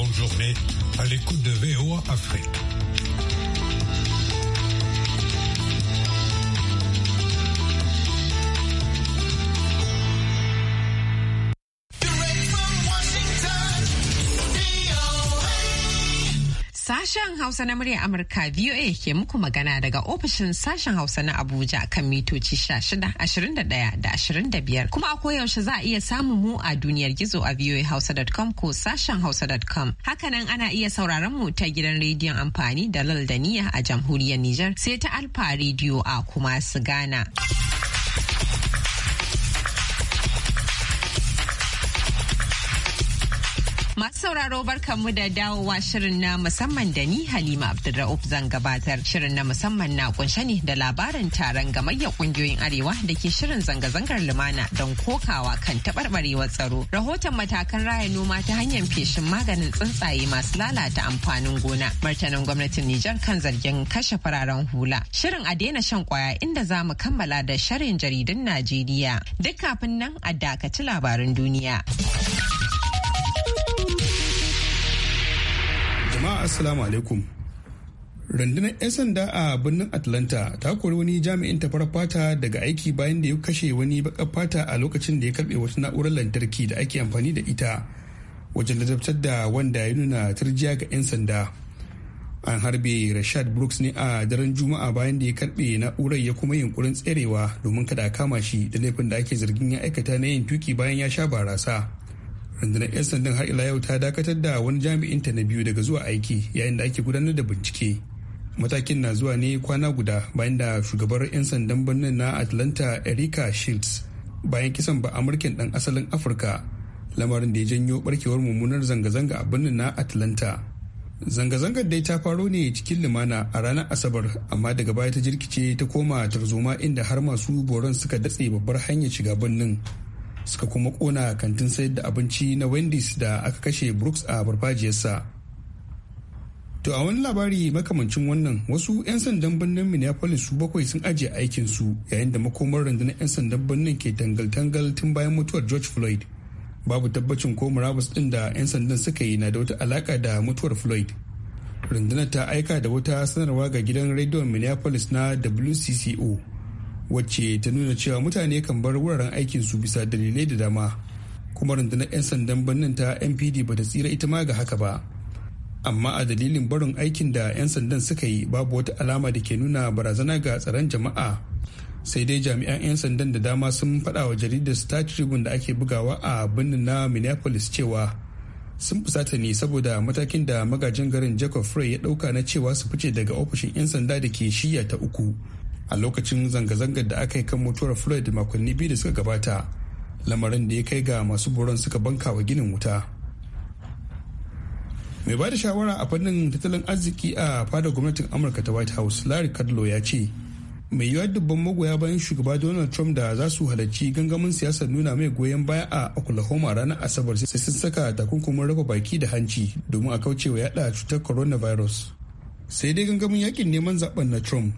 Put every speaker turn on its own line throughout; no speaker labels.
bonne journée à l'écoute de VOA Afrique.
Sashen Hausa na murya Amurka VOA ke muku magana daga ofishin sashen Hausa na Abuja kan mitoci 16, da 25. Kuma a koyaushe za a iya samun mu a duniyar gizo a voahausa.com ko sashen Hausa.com. Hakanan ana iya sauraron mu ta gidan rediyon amfani da lal da a jamhuriyar Nijar sai ta Alfa Radio a kuma su Ghana. Masu sauraro barkanmu da dawowa shirin na musamman da ni Halima Abdulra'uf zan gabatar. Shirin na musamman na kunshe ne da labarin taron gamayyar kungiyoyin Arewa da ke shirin zanga-zangar lumana don kokawa kan taɓarɓarewar tsaro. Rahoton matakan raya noma ta hanyar feshin maganin tsuntsaye masu lalata amfanin gona. Martanin gwamnatin Nijar kan zargin kashe fararen hula. Shirin a daina shan kwaya inda za mu kammala da sharin jaridun Najeriya. Duk kafin nan a dakaci labarin duniya.
jama'a assalamu alaikum rundunar 'yan sanda a birnin atlanta ta kori wani jami'in tafar fata daga aiki bayan da ya kashe wani bakar fata a lokacin da ya karbe wata na'urar lantarki da ake amfani da ita wajen ladabtar da wanda ya nuna turjiya ga 'yan sanda an harbe rashad brooks ne a daren juma'a bayan da ya karbe na'urar ya kuma yunkurin tserewa domin kada a kama shi da laifin da ake zargin ya aikata na yin tuki bayan ya sha barasa rundunar 'yan sandan har ila yau ta dakatar da wani jami'in ta na biyu daga zuwa aiki yayin da ake gudanar da bincike matakin na zuwa ne kwana guda bayan da shugabar 'yan sandan birnin na atlanta erika shields bayan kisan ba amurken dan asalin afirka lamarin da ya janyo barkewar mummunar zanga-zanga a birnin na atlanta zanga-zangar dai ta faro ne cikin lumana a ranar asabar amma daga baya ta jirkice ta koma tarzoma inda har masu boron suka datse babbar hanyar shiga birnin suka kuma kona kantin sayar da abinci na wendy's da aka kashe brooks a farfajiyarsa to a wani labari makamancin wannan wasu 'yan sandan birnin minneapolis su bakwai sun ajiye aikin su yayin da makomar rundunar 'yan sandan birnin ke tangal-tangal tun bayan mutuwar george floyd babu tabbacin ko murabus din da 'yan sandan suka yi na da wata alaka da mutuwar floyd rundunar ta aika da wata sanarwa ga gidan rediyon minneapolis na wcco wacce ta nuna cewa mutane kan bar wuraren aikin su bisa dalilai da dama kuma rundunar 'yan sandan birnin ta npd ba ta tsira ita ma ga haka ba amma a dalilin barin aikin da 'yan sandan suka yi babu wata alama da ke nuna barazana ga tsaron jama'a sai dai jami'an 'yan sandan da dama sun faɗa wa jaridar star tribune da ake bugawa a birnin na minneapolis cewa sun fusata ne saboda matakin da magajin garin jacob frey ya ɗauka na cewa su fice daga ofishin 'yan sanda da ke shiya ta uku a lokacin zanga-zangar da aka yi kan mutuwar floyd makonni biyu da suka gabata lamarin da ya kai ga masu boron suka banka wa ginin wuta mai ba da shawara a fannin tattalin arziki a fadar gwamnatin amurka ta white house larry kudlow ya ce mai yiwuwa dubban magoya bayan shugaba donald trump da za su halarci gangamin siyasar nuna mai goyon baya a oklahoma ranar asabar sai sun saka takunkumin rufe baki da hanci domin a kauce wa yada cutar coronavirus sai dai gangamin yakin neman zaben na trump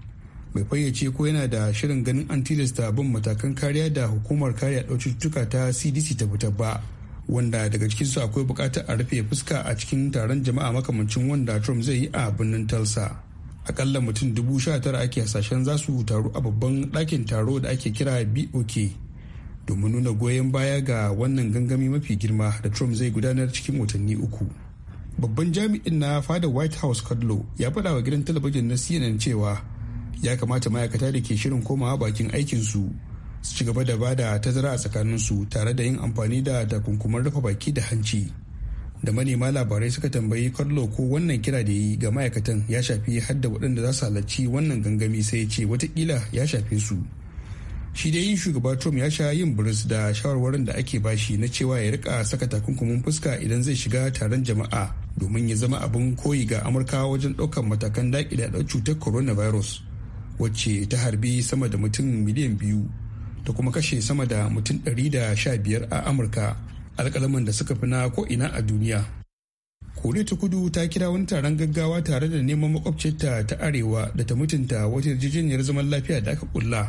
bai fayyace ko yana da shirin ganin an tilasta bin matakan kariya da hukumar kariya ɗau cututtuka ta cdc ta fitar ba wanda daga cikinsu akwai buƙatar a rufe fuska a cikin taron jama'a makamancin wanda trump zai yi a birnin talsa akalla mutum dubu sha tara ake hasashen za su taru a babban ɗakin taro da ake kira bok domin nuna goyon baya ga wannan gangami mafi girma da trump zai gudanar cikin watanni uku babban jami'in na fada white house kadlo ya faɗa wa gidan talabijin na cnn cewa ya kamata ma'aikata da ke shirin komawa bakin aikinsu su ci gaba da bada da tazara a tsakaninsu tare da yin amfani da takunkuman rufe baki da hanci da manema labarai suka tambayi kallo ko wannan kira da ya yi ga ma'aikatan ya shafi hadda waɗanda za su halarci wannan gangami sai ya ce watakila ya shafe su shi dai yin shugaba trump ya sha yin buris da shawarwarin da ake bashi na cewa ya rika saka takunkumin fuska idan zai shiga taron jama'a domin ya zama abin koyi ga amurka wajen ɗaukar matakan daƙi da cutar coronavirus wacce ta harbi sama da mutum miliyan biyu da kuma kashe sama da mutum da sha biyar a amurka alkalaman da suka fi na ko'ina a duniya koriya ta kudu ta kira wani taron gaggawa tare da neman makwabcinta ta arewa da ta mutunta wata yarjejeniyar zaman lafiya da aka kulla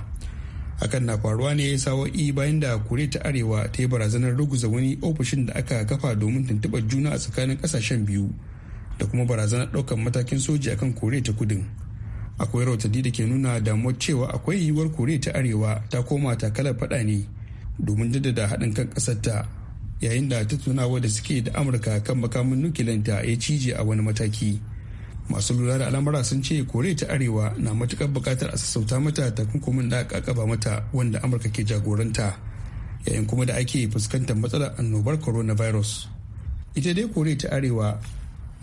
hakan na faruwa ne sawa'i bayan da koriya ta arewa ta yi barazanar ruguza wani ofishin da aka kafa domin tuntuɓar juna a tsakanin ƙasashen biyu da kuma barazanar ɗaukar matakin soji akan koriya ta kudin akwai rautadi da ke nuna damuwar cewa akwai yiwuwar koriya ta arewa ta koma takalar faɗa ne domin jaddada haɗin kan ƙasarta yayin da tattunawa da suke da amurka kan makamin nukilanta ya cije a wani mataki masu lura da al'amura sun ce koriya ta arewa na matukar buƙatar a sassauta mata takunkumin da kakaba mata wanda amurka ke jagoranta yayin kuma da ake fuskantar matsalar annobar coronavirus ita dai koriya ta arewa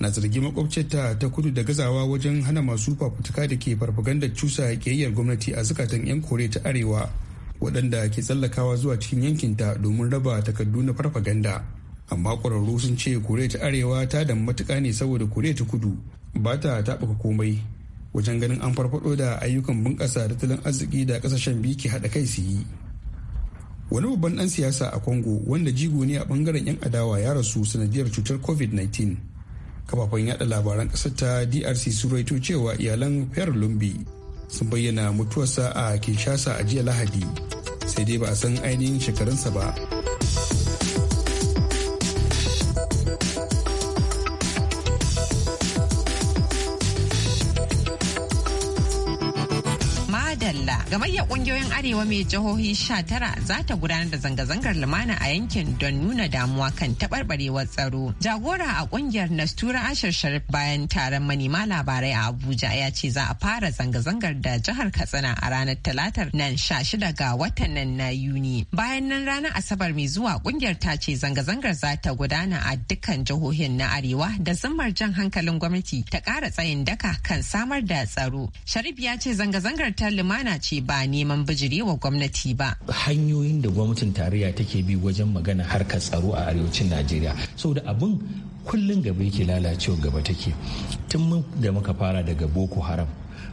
na zargi makwabcinta ta kudu da gazawa wajen hana masu fafutuka da ke farfagandar cusa kiyayyar gwamnati a zukatan 'yan kore ta arewa waɗanda ke tsallakawa zuwa cikin yankinta domin raba takardu na farfaganda amma ƙwararru sun ce kore ta arewa ta da matuka ne saboda kore ta kudu ba ta taɓuka komai wajen ganin an farfaɗo da ayyukan bunƙasa tattalin arziki da ƙasashen biyu ke haɗa kai su yi wani babban ɗan siyasa a congo wanda jigo ne a ɓangaren 'yan adawa ya rasu sanadiyar cutar covid-19 kafafen yada labaran ƙasar ta drc sun raito cewa iyalan fer lumbi sun bayyana mutuwarsa a kinshasa a jiya lahadi sai dai ba a san ainihin shekarunsa ba
Gamayyar kungiyoyin Arewa mai jihohi 19 za ta gudanar da zanga-zangar lumana a yankin don nuna damuwa kan taɓarɓarewar tsaro. Jagora a kungiyar Nastura Ashir Sharif bayan taron manema labarai a Abuja ya ce za a fara zanga-zangar da jihar Katsina a ranar Talatar nan 16 ga watan nan na Yuni. Bayan nan ranar Asabar mai zuwa kungiyar ta ce zanga-zangar za ta gudana a dukkan jihohin na Arewa da zimmar jan hankalin gwamnati ta ƙara tsayin daka kan samar da tsaro. Sharif ya ce zanga-zangar ta lumana ce ba neman bijiri wa gwamnati ba.
Hanyoyin da gwamnatin tarayya take bi wajen magana harkar tsaro a arewacin Najeriya. Saboda abin kullum gaba yake lalacewa gaba take. Tun da muka fara daga Boko Haram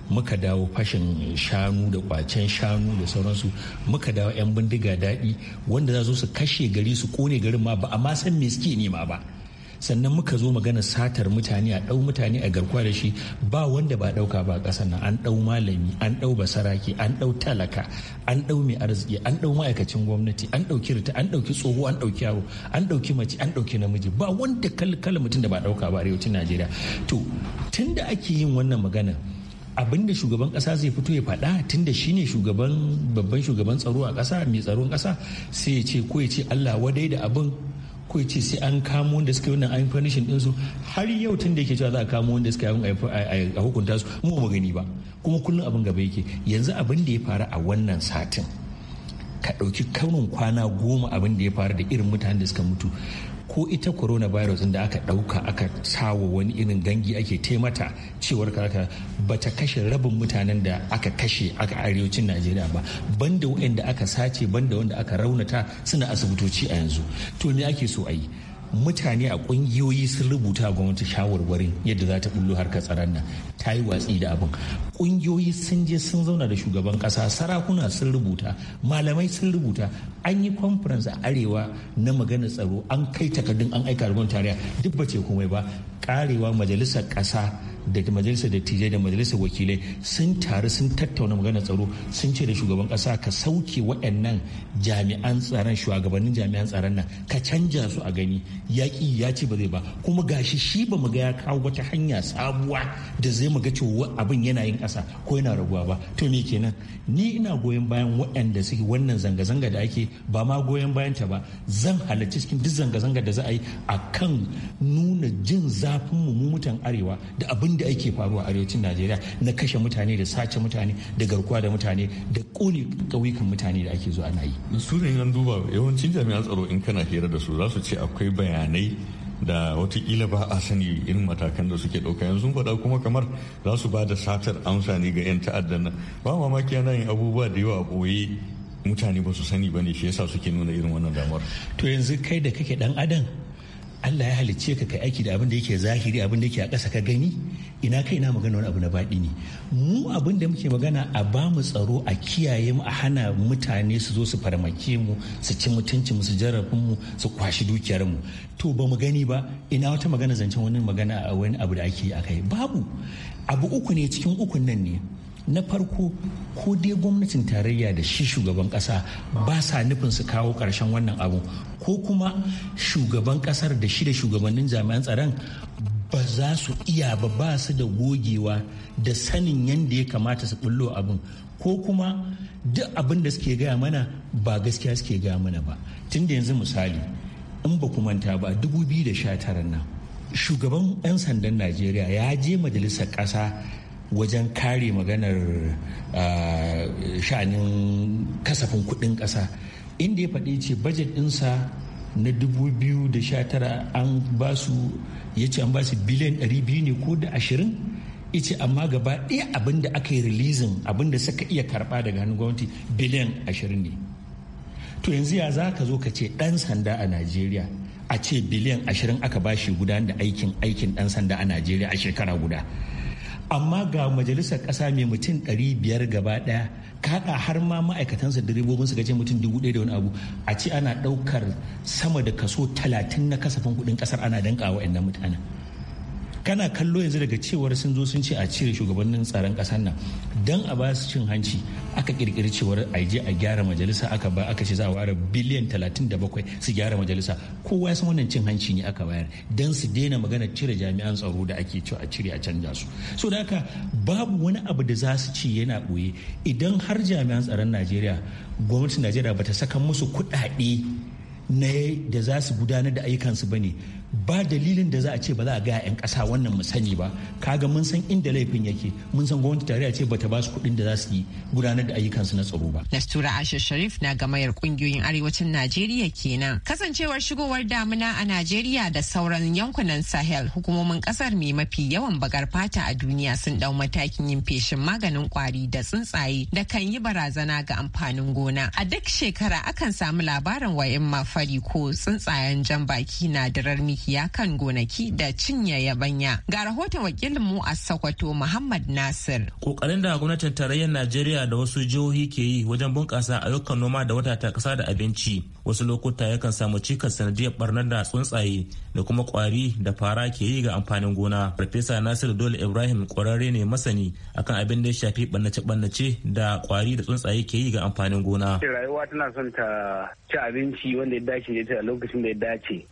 muka dawo fashin shanu da kwacen shanu da sauransu muka dawo 'yan bindiga daɗi wanda za su kashe gari su kone garin ma ba a ma san me suke nema ba sannan muka zo magana satar mutane a ɗau mutane a garkuwa da shi ba wanda ba ɗauka ba ƙasar nan an ɗau malami an ɗau basaraki an ɗau talaka an ɗau mai arziki an ɗau ma'aikacin gwamnati an ɗauki rita an ɗauki tsoho an ɗauki yaro an ɗauki mace an ɗauki namiji ba wanda kala mutum da ba ɗauka ba arewacin najeriya to tun da ake yin wannan magana abin da shugaban kasa zai fito ya faɗa tun da shine shugaban babban shugaban tsaro a ƙasa mai tsaron kasa sai ya ce ko ya ce allah wadai da abin ko ce sai an kamo wanda suka yi wannan an ɗin su har yau tun da yake cewa za a kamo wanda suka yi a hukunta su mu ba gani ba kuma kullum abin gaba yake yanzu abin da ya faru a wannan satin ka ɗauki kaunin kwana goma abin da ya faru da irin mutanen da suka mutu ko ita corona coronavirus da aka ɗauka aka sawo wani irin gangi ake taimata cewar karaka bata kashe rabin mutanen da aka kashe aka arewacin najeriya ba banda waɗanda aka sace banda wanda aka raunata suna asibitoci a yanzu to ne ake so a yi mutane a ƙungiyoyi sun rubuta gwamnati shawarwarin yadda za ta bullo harkar tsaron nan ta yi watsi da abin ƙungiyoyi sun je sun zauna da shugaban ƙasa sarakuna sun rubuta malamai sun rubuta an yi conference a arewa na maganar tsaro an kai takardun an aika da gwamnati duk ba ce komai ba karewa majalisar ƙasa da majalisar dattijai da majalisar wakilai sun taru sun tattauna magana tsaro sun ce da shugaban ƙasa ka sauke waɗannan jami'an tsaron shugabannin jami'an tsaron nan ka canja su a gani yaƙi ya ce ba zai ba kuma gashi shi ba mu ga ya kawo wata hanya sabuwa da zai mu ga cewa abin yana yin ƙasa ko yana raguwa ba to me kenan ni ina goyon bayan waɗanda suke wannan zanga-zanga da ake ba ma goyon bayan ta ba zan halarci cikin duk zanga-zanga da za a yi a kan nuna jin za zafin mu mutan arewa da abin da ake faruwa arewacin najeriya na kashe mutane da sace mutane da garkuwa da mutane da ƙone ƙauyukan mutane da ake zuwa nayi
yi su ne duba yawancin jami'an tsaro in kana hira da su za su ce akwai bayanai da watakila ba a sani irin matakan da suke ɗauka yanzu faɗa kuma kamar za su ba da satar amsa ne ga 'yan ta'addan nan ba mamaki yana yin abubuwa da yawa ɓoye mutane ba su sani ba ne shi yasa suke nuna irin
wannan damar to yanzu kai da kake dan adam Allah ya halicce ka kai aiki da abin da yake zahiri abin da yake a ƙasa ka gani ina kai na magana wani abu na baɗi ne mu abin da muke magana a ba mu tsaro a kiyaye mu a hana mutane su zo su farmake mu su ci mutunci mu su jarrafin mu su kwashi dukiyar mu to ba mu gani ba ina wata magana zancen wani magana a wani abu da ake yi akai babu abu uku ne cikin ukun nan ne na farko ko dai gwamnatin tarayya da shi shugaban kasa ba sa nufin su kawo karshen wannan abu ko kuma shugaban kasar da shi da shugabannin jami'an tsaron ba za su iya ba ba su da gogewa da sanin yadda ya kamata su bullo abin ko kuma duk abin da suke gaya mana ba gaskiya suke gaya mana ba Tun da yanzu misali in ba ku manta ba 2019 nan shugaban 'yan sandan najeriya ya je majalisar kasa. wajen kare maganar ah, sha'anin kasafin kuɗin ƙasa inda ya faɗi ce bajet ɗinsa na 2019 an ba su ya ce an ba su biliyan 200 ne ko da 20 ice amma gaba ɗaya abin da aka yi releasing abin suka iya karɓa daga hannun gwamnati biliyan 20 ne to yanzu ya za ka zo ka ce ɗan sanda a najeriya a ce biliyan 20 aka ba shi gudanar da aikin aikin ɗan sanda a najeriya a shekara guda amma ga majalisar ƙasa mai mutum 500 gaba ɗaya kaɗa har ma ma'aikatansa direbobin su gaje mutum dubu ɗaya da wani abu a ce ana ɗaukar sama da kaso talatin na kasafin kuɗin ƙasar ana danƙa wa mutanen kana kallo yanzu daga cewar sun zo sun ce a cire shugabannin tsaron ƙasar nan don a ba su cin hanci aka kirkiri cewar a je a gyara majalisa aka ba aka ce za a ware biliyan 37 su gyara majalisa kowa ya san wannan cin hanci ne aka bayar don su daina magana cire jami'an tsaro da ake cewa a cire a canja su so da haka babu wani abu da za su ci yana ɓoye idan har jami'an tsaron najeriya gwamnatin najeriya bata saka musu kuɗaɗe na da za su gudanar da ayyukansu ba ne ba dalilin da za a ce ba za a gaya 'yan ƙasa wannan mu sani ba kaga mun san inda laifin yake mun san gwamnati a ce bata ba su kuɗin da za su yi gudanar da ayyukansu na tsaro ba.
Nastura Asha Sharif na gamayar ƙungiyoyin arewacin Najeriya kenan. Kasancewar shigowar damuna a Najeriya da sauran yankunan Sahel hukumomin ƙasar mai mafi yawan bagar fata a duniya sun ɗau matakin yin feshin maganin kwari da tsuntsaye da kan yi barazana ga amfanin gona. A duk shekara akan samu labarin wa'in mafari ko tsuntsayen jan baki na dirar miki ya kan gonaki da cinye yabanya. Ga rahoton wakilinmu a sakwato Muhammad Nasir.
Kokarin da gwamnatin tarayyar Najeriya da wasu jihohi ke yi wajen bunƙasa ayyukan noma da wata ta ƙasa da abinci wasu lokuta yakan samu cikas sanadiyar barnar da tsuntsaye da kuma kwari da fara ke yi ga amfanin gona. Farfesa Nasir Dole Ibrahim ƙwararre ne masani akan abin da ya shafi ɓannace-ɓannace da kwari da tsuntsaye ke yi ga amfanin gona.
Rayuwa tana son ta ci abinci wanda ya dace da lokacin da ya dace.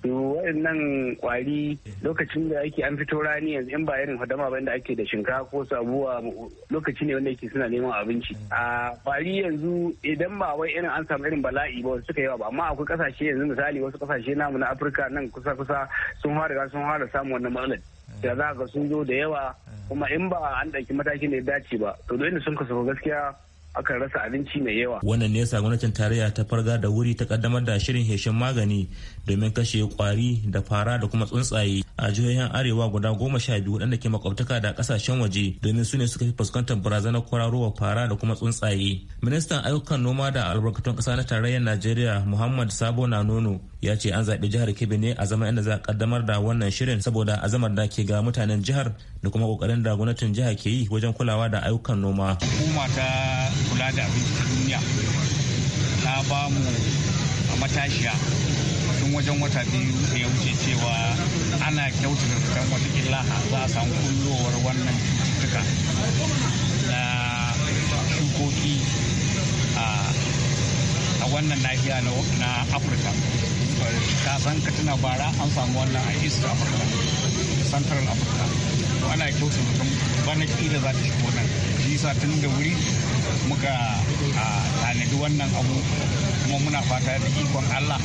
nan kwari lokacin da ake an fito rani yanzu in ba irin hadama ba da ake da shinkafa ko sabuwa lokaci ne wanda yake suna neman abinci a kwari yanzu idan ba wai irin an samu irin bala'i ba suka yawa ba amma akwai kasashe yanzu misali wasu kasashe namu na afirka nan kusa kusa sun fara sun fara samun wannan matsalar da za ka sun zo da yawa kuma in ba an ɗauki matakin da ya dace ba to da sun kasu gaskiya
akan rasa abinci mai yawa.
Wannan ne yasa gwamnatin tarayya ta farga da wuri ta kaddamar da shirin heshin magani domin kashe kwari da fara da kuma tsuntsaye a jihohin arewa guda goma sha biyu waɗanda ke makwabtaka da kasashen waje domin su ne suka fi fuskantar barazanar kwararowa fara da kuma tsuntsaye. Ministan ayyukan noma da albarkatun ƙasa na tarayyar Najeriya Muhammad Sabo na nono ya ce an zaɓi jihar Kebbi ne a zama inda za a kaddamar da wannan shirin saboda azamar da ke ga mutanen jihar da kuma ƙoƙarin da gwamnatin jihar ke yi wajen kulawa da ayyukan noma.
kula da abinci ta duniya ta ba mu a matashiya tun wajen wata biyu da ya wuce cewa ana da kyautata zaton watakila za a samu kullowar wannan cututtuka na shukoki a wannan nahiya na afirka
ka san ka tuna bara an samu wannan a east africa central africa ana ana da zaton bana kila za ta shigo nan yasa tun da wuri
muka tanadi wannan abu kuma muna fata da ikon allah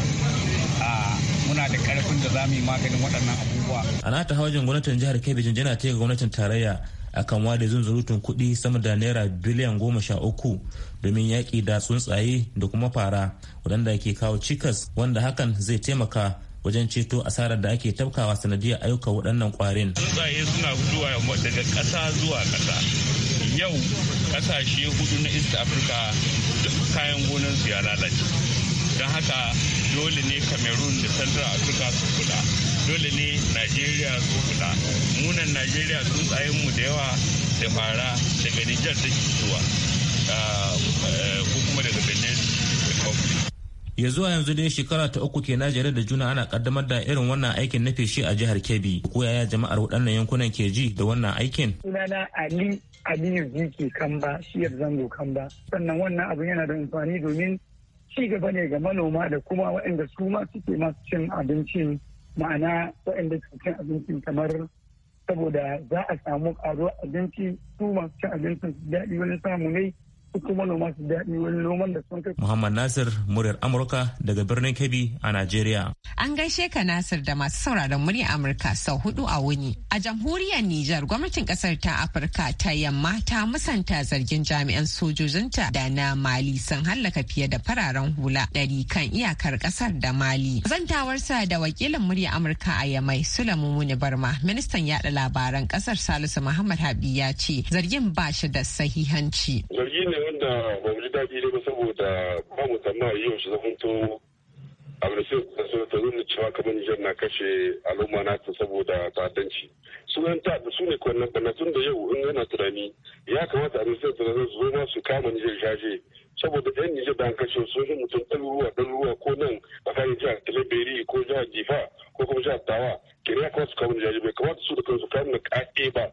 muna da karfin da za mu yi maganin waɗannan abubuwa.
a nata hawajin gwamnatin jihar kebbi jinjina ta ga gwamnatin tarayya akan wada zunzurutun kuɗi sama da naira biliyan goma sha uku domin yaƙi da tsuntsaye da kuma fara waɗanda ke kawo cikas wanda hakan zai taimaka wajen ceto asarar da ake tabkawa sanadiyar ayyukan waɗannan ƙwarin.
Tsuntsaye suna zuwa daga ƙasa zuwa ƙasa. yau kasashe hudu
na east africa kayan su ya lalace don haka dole ne cameroon da central africa su kula dole ne nigeria su kula munan nigeria mu da yawa da fara daga nijar da zuwa kuma daga benin republic
ya zuwa yanzu dai shekara ta uku ke najeriya da juna ana kaddamar da irin wannan aikin na feshi a jihar kebbi ko yaya jama'ar waɗannan yankunan ke ji da wannan aikin
sunana ali aliyu jiki kamba shiyar zango kamba sannan wannan abin yana da amfani domin ci gaba ne ga manoma da kuma waɗanda su ma suke masu cin abincin ma'ana waɗanda suke cin abincin kamar
saboda za a samu ƙaruwar abinci su masu cin abincin daɗi wani samu ne
Muhammad Nasir muryar Amurka daga birnin Kebbi a Najeriya.
An gaishe ka Nasir da masu sauraron muryar Amurka sau hudu a wuni. A jamhuriyar Nijar gwamnatin kasar ta Afirka ta yamma ta musanta zargin jami'an sojojinta da na Mali sun hallaka fiye da fararen hula ɗari kan iyakar kasar da Mali. sa da wakilin muryar Amurka a Yamai Sulaimu Muni Barma ministan yaɗa labaran kasar Salisu Muhammad Habi ya ce zargin ba shi da sahihanci.
wanda ba mu ji daɗi ne ba saboda ba mu a yau shi zamanto abu da sai kusa sun ta nuna cewa kamar Nijar na kashe al'umma ta saboda ta'addanci. Sunan ta su ne kwanan bana tun da yau in yana tunani ya kamata abu sai tunanin su zo ma su kama Nijar shaje. Saboda yan Nijar da an kashe su yi mutum ɗaruruwa ɗaruruwa ko nan a kan jihar Talabiri ko jihar Jifa ko kuma jihar Tawa. Kira ya kamata su kama Nijar bai kamata su da kansu kama na ƙaƙe ba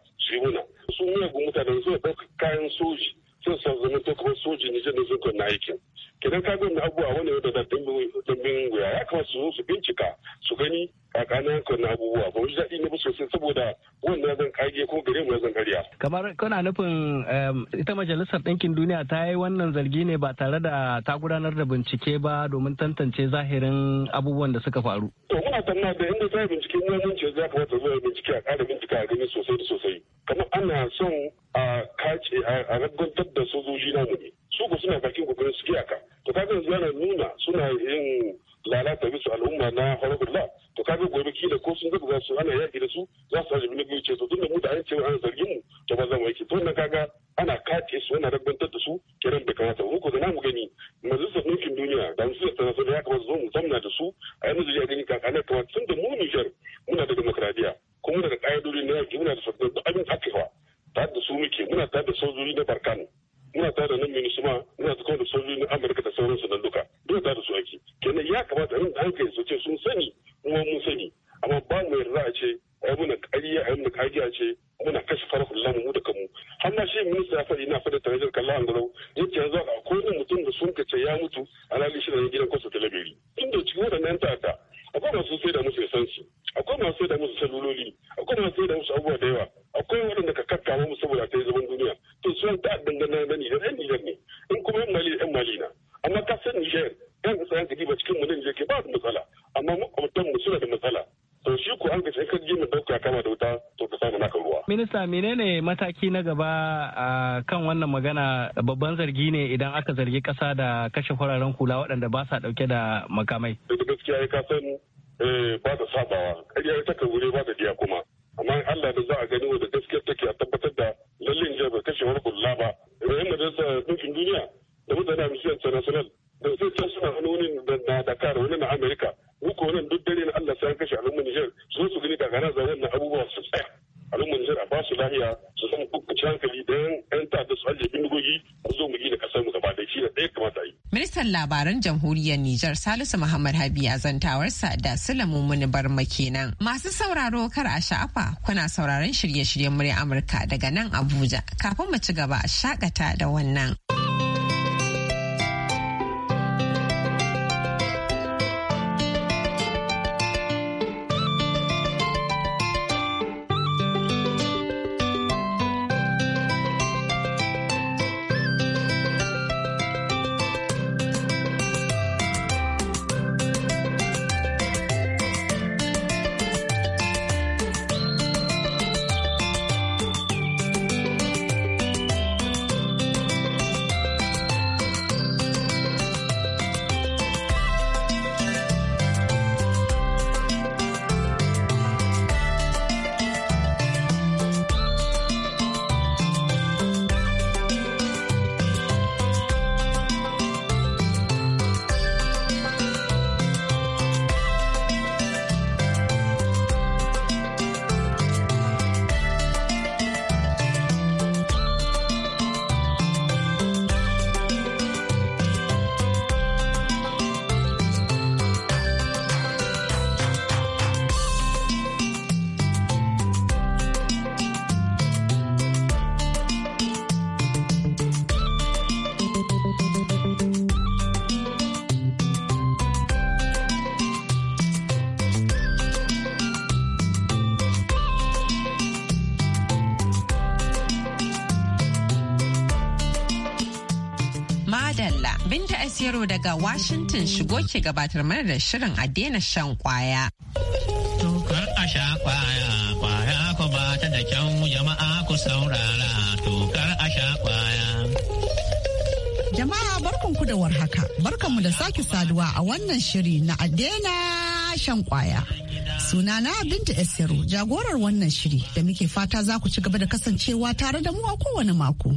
aikin kidan ka gani abubuwa wani ya da dimbin wuya ya kamata su su bincika su gani kakanin kan abubuwa ba shi daɗi na bu sosai saboda wannan zan kage ko gare mu zan karya.
kamar kana nufin ita majalisar ɗinkin duniya ta yi wannan zargi ne ba tare da ta gudanar da bincike ba domin tantance zahirin abubuwan da suka faru.
to muna tanna da inda ta yi bincike na mun ce za ka wata zuwa bincike a ƙara bincika a gani sosai da sosai kamar ana son a kace a ragantar da sojoji namu ne su ku suna bakin kokarin su iyaka to ka ga yana nuna suna yin lalata bisa al'umma na harbullah to ga gobe kila ko sun zuba su ana yaki da su za su hajji miliyoyi ce to tunda mu da an ce ana zargin mu to ba za mu to wannan kaga ana kace su ana rabbantar da su kiran da kamata mu ko zama mu gani majalisar ɗinkin duniya da mu suka da ya kamata zo mu zamna da su a yanzu ya gani kakanin kamata tun da mu Nijar
wannan magana babban
zargi ne idan aka zargi kasa da kashe fararen hula waɗanda ba sa ɗauke da makamai. Duk
gaskiya ya kasan eh, ba ta sabawa, ƙarya ta kan wuri ba ta diya kuma. Amma Allah da za a gani wanda gaskiyar take a tabbatar da lallin jiya bai kashe wani kula ba. da majalisar dukkan duniya da mutane misiyar International da sai can suna wani wani na Dakar wani na Amerika. Muku wannan duk dare na Allah sai an kashe al'ummar Nijar su su gani kakana za na abubuwa su tsaya. a ba su lahiya su san kukkuci hankali don yan ta'adda su ajiye bindigogi a zo mu yi da kasar mu gaba da shi da ɗaya
kamata yi. Ministan labaran jamhuriyar Nijar Salisu Muhammad Habiya zantawarsa da Sulamu Muni Barma kenan. Masu sauraro kar a sha'afa kuna sauraron shirye-shiryen murya Amurka daga nan Abuja kafin mu ci gaba a shakata da wannan. ta Esiro daga Washington shigo ke gabatar mana da shirin a daina shan kwaya.
Tukar a sha kwaya, kwaya ku ba da kyau jama'a ku saurara, tukar a sha kwaya.
Jama'a da warhaka, barkanmu da sake saduwa a wannan shiri na a daina shan kwaya. Sunana Binta Esiro jagorar wannan shiri da muke fata za ku ci gaba da kasancewa tare da mu a kowane mako.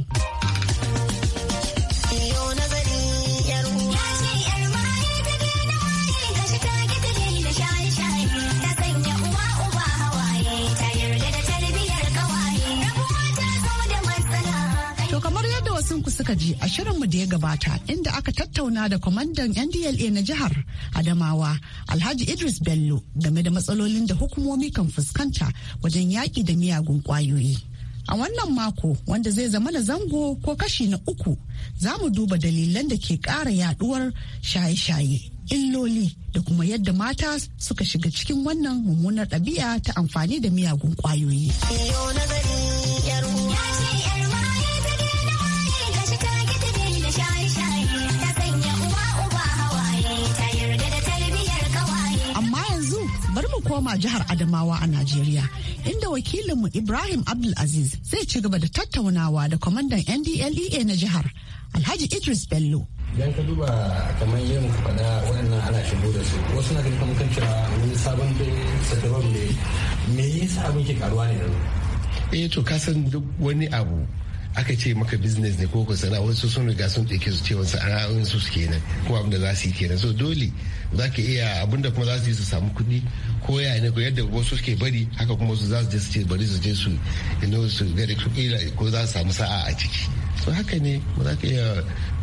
kuka ji a shirinmu da ya gabata inda aka tattauna da kwamandan NDLA na jihar Adamawa Alhaji Idris Bello game da matsalolin da hukumomi kan fuskanta wajen yaƙi da miyagun kwayoyi A wannan mako wanda zai zama na zango ko kashi na uku za mu duba dalilan da ke ƙara yaduwar shaye-shaye, illoli da kuma yadda mata suka shiga cikin wannan mummunar ɗabi'a ta amfani da miyagun kwayoyi. koma jihar Adamawa a Najeriya, inda wakilinmu Ibrahim Abdulaziz zai ci gaba da tattaunawa da kwamandan NDLEA na jihar Alhaji Idris Bello.
Idan ka duba kamar yin faɗa waɗannan ana shigo da su wasu na
ganin kan cewa wani sabon sadarwar ne me yi sabon ke karuwa ne da Eh to ka san duk wani abu aka ce maka business ne ko na wasu sun riga sun ɗauke su cewa sana'o'in su kenan ko abin da za su yi kenan so dole za ka iya abin da kuma za su yi su samu kuɗi ko ya ne ko yadda wasu suke bari haka kuma su za su je su ce bari su je su ino su gari su ila ko za su samu sa'a a ciki so haka ne ba za ka iya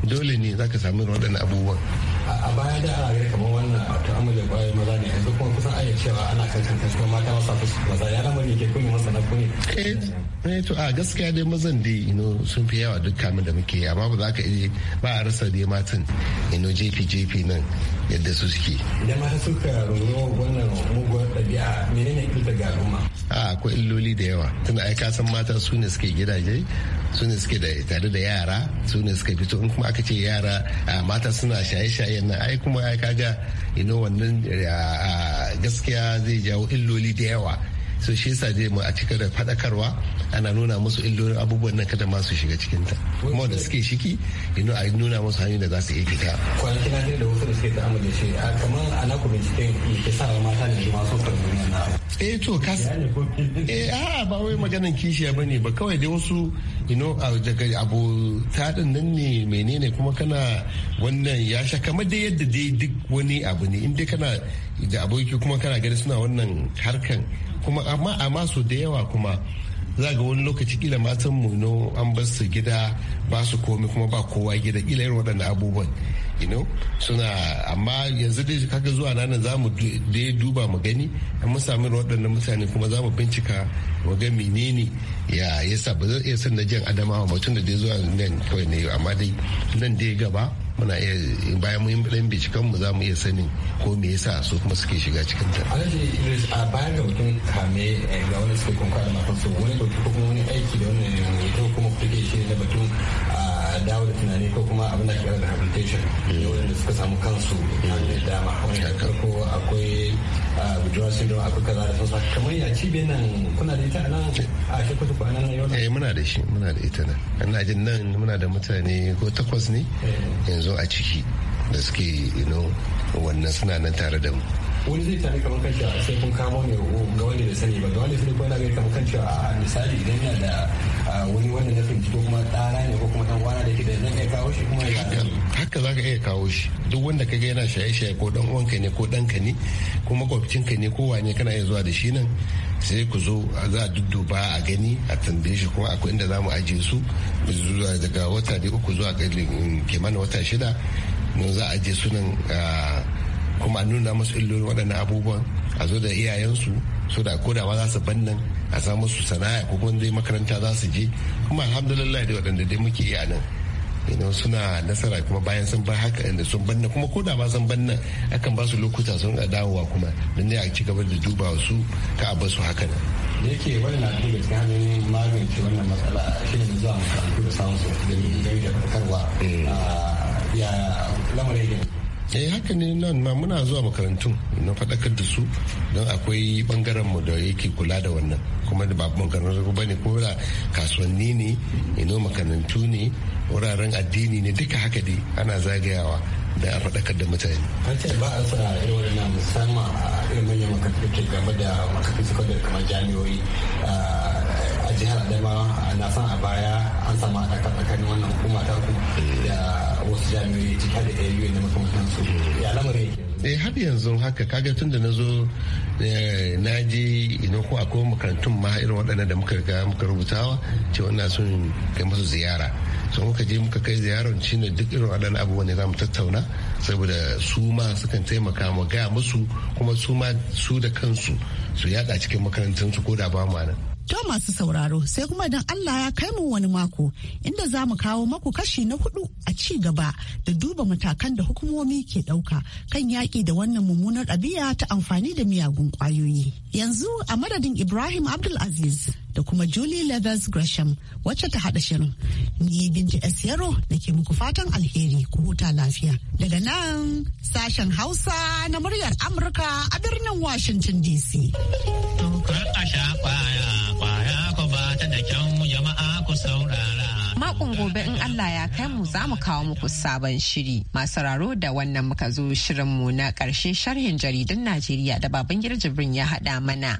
dole ne za ka samu waɗannan abubuwan
a baya da ana gani kamar wannan ta'amuli kwayoyin maza ne yanzu kuma kusan aya cewa ana kankan kankan mata masa maza ya lamari ke kuma masa na kuni.
Eh, eh to a gaskiya dai mazan dai ino sun fi yawa duk kamun da muke amma ba za ka iya ba a rasa dai matan ino jefi jefi nan yadda su suke idan mata
suka rungu wannan muguwar ɗabi'a menene ga
al'umma a akwai illoli da yawa tunda ai ka san mata su ne suke gidaje su ne suke da tare da yara su ne suke fito in kuma aka ce yara mata suna shaye shaye nan ai kuma ai kaga ino wannan gaskiya zai jawo illoli da yawa so shi yasa dai mu a cika da fadakarwa ana nuna musu illolin abubuwan nan kada ma su shiga cikin ta kuma da suke shiki ino a nuna musu hanyoyin da za su iya fita kwanaki na da wasu da
suke da amince shi kamar ana ku bincike ke sa mata da ma so
eh to kas eh a ba wai maganan kishiya bane ba kawai dai wasu ino daga abu taɗin nan ne menene kuma kana wannan ya sha kamar dai yadda dai duk wani abu ne in dai kana da aboki kuma kana gani suna wannan harkan kuma amma a masu da yawa kuma za ga wani lokaci kila matan mu an bar su gida ba su komai kuma ba kowa gida kila irin waɗanda abubuwan you know suna amma yanzu dai kaga zuwa nan za mu dai duba mu gani an mu sami waɗannan mutane kuma za mu bincika mu ga menene ya yasa ba zan iya san na jan adamawa mutum da dai zuwa nan kawai ne amma dai nan dai gaba muna iya bayan mun dan binciken mu za mu iya sanin ko me yasa su kuma suke shiga cikin ta.
Alhaji Idris a bayan eh, da mutum kame ga wani suke kunkwa da mafarsu wani batu ko kuma wani aiki da wani ko kuma kuke shi da batun ah, a dawo da tunani ko kuma abin da ke da rehabilitation ne wanda suka samu kansu hannun dama wanda Ko akwai gujewa syndrome akwai kaza da sun kamar ya cibiyar nan kuna da ita nan a
shi kutu kwana na yau eh muna da shi muna da ita nan ina jin nan muna da mutane ko takwas ne eh. yanzu a ciki da suke you wannan suna nan tare da mu
wani zai tare kamar kan cewa sai kun kamo ne ga wanda da sani ba da wanda sani kuma na gani kamar kan cewa a misali idan yana da wani wanda na fahimci ko kuma tsara ne ko kuma dan wana da ke da zan iya kawo
shi kuma ya haka za ka iya kawo shi duk wanda ka ga yana shaye-shaye ko dan uwanka ne ko ka ne ko makwabcinka ne ko wane kana iya zuwa da shi nan sai ku zo za a dudduba a gani a tambaye shi kuma akwai inda za mu ajiye su daga wata da uku zuwa mm, kimanin wata shida mun za a ajiye nan. kuma a nuna musu illolin waɗannan abubuwan a zo da iyayensu so da ba za su ban nan a samu su sana'a ko kuma dai makaranta za su je kuma alhamdulillah da waɗanda dai muke yi a nan idan suna nasara kuma bayan sun bar haka inda sun banna kuma ko da ba sun banna akan ba su lokuta sun ga dawowa kuma don ne a ci gaba da duba su ka a su haka nan.
da yake wani na daga cikin hanyoyin magance wannan matsala shi ne zuwa makarantu da samun su da gani da farkarwa eh.
ah, ya lamarin eh haka ne nan ma muna zuwa makarantun na faɗakar da su don akwai ɓangaren mu da yake kula da wannan kuma da ba makarantu ba ne ko da kasuwanni ne ino makarantu ne wuraren addini ne duka haka dai ana zagayawa da a faɗakar da mutane.
An ce ba a sa irin na musamman a irin manyan makarantu game da makarantu kamar jami'o'i ah, jihar adamawa na san a baya an sama a tsakanin wannan hukuma ta ku da wasu jami'ai cike da au da su ya lamarin
eh har yanzu haka kaga tun da na zo eh, na je ina ko akwai makarantun ma irin waɗannan da muka ga muka rubutawa ce wannan son kai masu ziyara so muka je muka kai ziyarar shine duk irin waɗannan abubuwan ne za mu tattauna saboda su ma sukan taimaka mu gaya musu kuma su ma su da kansu su yaɗa cikin makarantunsu ko da ba mu nan
To masu sauraro sai kuma idan Allah ya kai mu wani mako inda za mu kawo maku kashi na hudu a ci gaba da duba matakan da hukumomi ke dauka kan yaƙi da wannan mummunar ɗabi'a ta amfani da miyagun ƙwayoyi. Yanzu a madadin Ibrahim Abdulaziz da kuma Julie Leathers Gresham wacce ta haɗa shirin. Ni Binta S. Yaro da muku fatan alheri ku huta lafiya. Daga nan sashen Hausa na muryar Amurka
a birnin Washington DC. makon gobe in Allah ya kai mu za mu kawo muku sabon shiri. Masararo da wannan muka zo shirinmu na ƙarshe sharhin jaridun Najeriya da baban jibrin ya haɗa mana.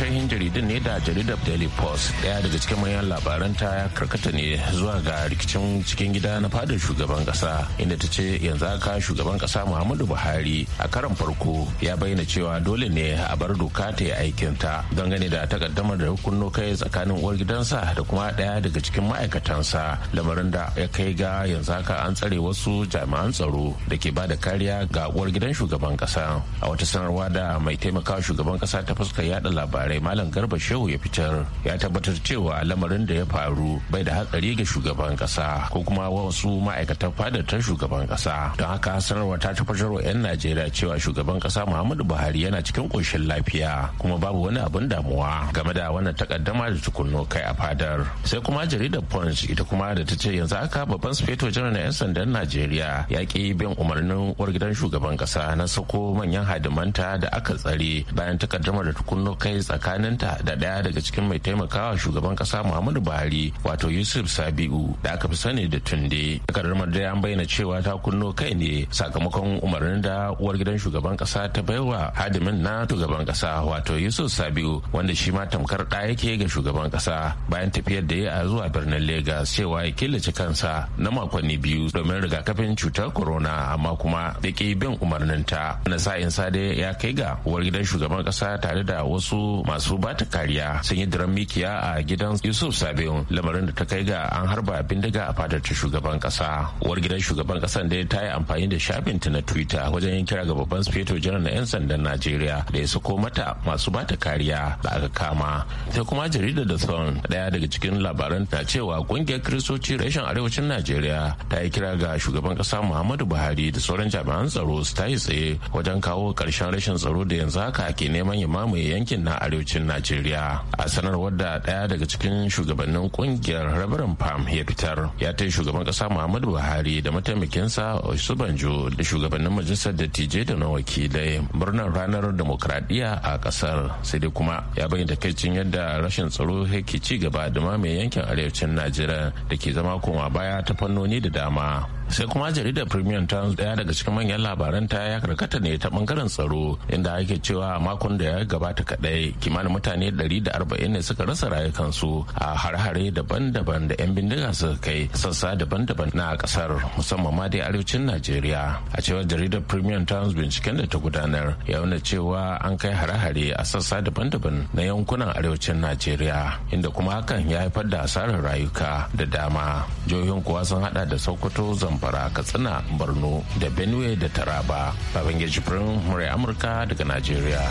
sharhin jaridun ne da jaridar daily post daya daga cikin manyan labaran ta ya karkata ne zuwa ga rikicin cikin gida na fadar shugaban kasa inda ta ce yanzu haka shugaban kasa muhammadu buhari a karan farko ya bayyana cewa dole ne a bar doka ta yi aikin ta dangane da takaddamar da hukunno kai tsakanin uwar gidansa da kuma daya daga cikin ma'aikatansa lamarin da ya kai ga yanzu haka an tsare wasu jami'an tsaro da ke ba da kariya ga uwar gidan shugaban kasa a wata sanarwa da mai taimaka shugaban kasa ta fuskar yada labarai labarai malam garba shehu ya fitar ya tabbatar cewa lamarin da ya faru bai da hatsari ga shugaban kasa ko kuma wasu ma'aikatan fadar ta shugaban kasa don haka sanarwa ta tabbatar wa 'yan najeriya cewa shugaban kasa muhammadu buhari yana cikin koshin lafiya kuma babu wani abin damuwa game da wannan takaddama da tukunno kai a fadar sai kuma jaridar punch ita kuma da ta ce yanzu haka babban sufeto janar na 'yan sandan najeriya ya ki bin umarnin uwar gidan shugaban kasa na sako manyan hadimanta da aka tsare bayan takaddamar da tukunno kai tsakanin tsakaninta da ɗaya daga cikin mai taimakawa shugaban ƙasa muhammadu buhari wato yusuf sabiu da aka fi sani da tunde takardar dai an bayyana cewa ta kunno kai ne sakamakon umarnin da uwar gidan shugaban ƙasa ta baiwa hadimin na shugaban ƙasa wato yusuf sabiu wanda shi ma tamkar ɗaya yake ga shugaban ƙasa bayan tafiyar da ya a zuwa birnin lagos cewa ya killace kansa na makonni biyu domin rigakafin cutar corona amma kuma da bin umarninta na sa'in sa dai ya kai ga uwar gidan shugaban ƙasa tare da wasu masu bata kariya sun yi daren mikiya a gidan yusuf sabiu lamarin da ta kai ga an harba bindiga a fadar ta shugaban kasa uwar gidan shugaban kasan da ta yi amfani da shafinta na twitter wajen yin kira ga babban sufeto janar na 'yan sandan najeriya da ya sako mata masu bata kariya da aka kama sai kuma jaridar da son daya daga cikin labaran ta cewa kungiyar kiristoci reshen arewacin najeriya ta yi kira ga shugaban kasa muhammadu buhari da sauran jami'an tsaro su yi tsaye wajen kawo karshen rashin tsaro da yanzu haka ke neman ya mamaye yankin na arewa arewacin najeriya a sanarwar da daya daga cikin shugabannin kungiyar rabran farm ya fitar ya ta shugaban kasa muhammadu buhari da mataimakinsa osubanjo da shugabannin majalisar dattijai da na wakilai murnar ranar demokradiyya a kasar sai dai kuma ya bayyana takaicin yadda rashin tsaro yake ci gaba da mamaye yankin arewacin najeriya da ke zama koma baya ta fannoni da dama sai kuma jaridar premium ta daya daga cikin manyan labaran ta ya karkata ne ta bangaren tsaro inda ake cewa makon da ya gabata kadai kimanin mutane 140 ne suka rasa rayukansu a har-hare daban-daban da 'yan bindiga suka kai sassa daban-daban na kasar musamman ma dai arewacin najeriya a cewar jaridar premium times binciken da ta gudanar ya nuna cewa an kai hare-hare a sassa daban-daban na yankunan arewacin najeriya inda kuma hakan ya haifar da asarar rayuka da dama jihohin kuwa sun hada da sokoto zamba. zamfara katsina borno da benue da taraba babangeji firin murai amurka daga najeriya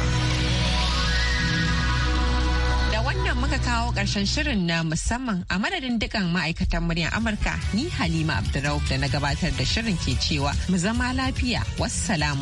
da wannan muka kawo ƙarshen shirin na musamman a madadin dukkan ma'aikatan muryar amurka ni halima Abdurrahman da na gabatar da shirin ke cewa mu zama lafiya wassalamu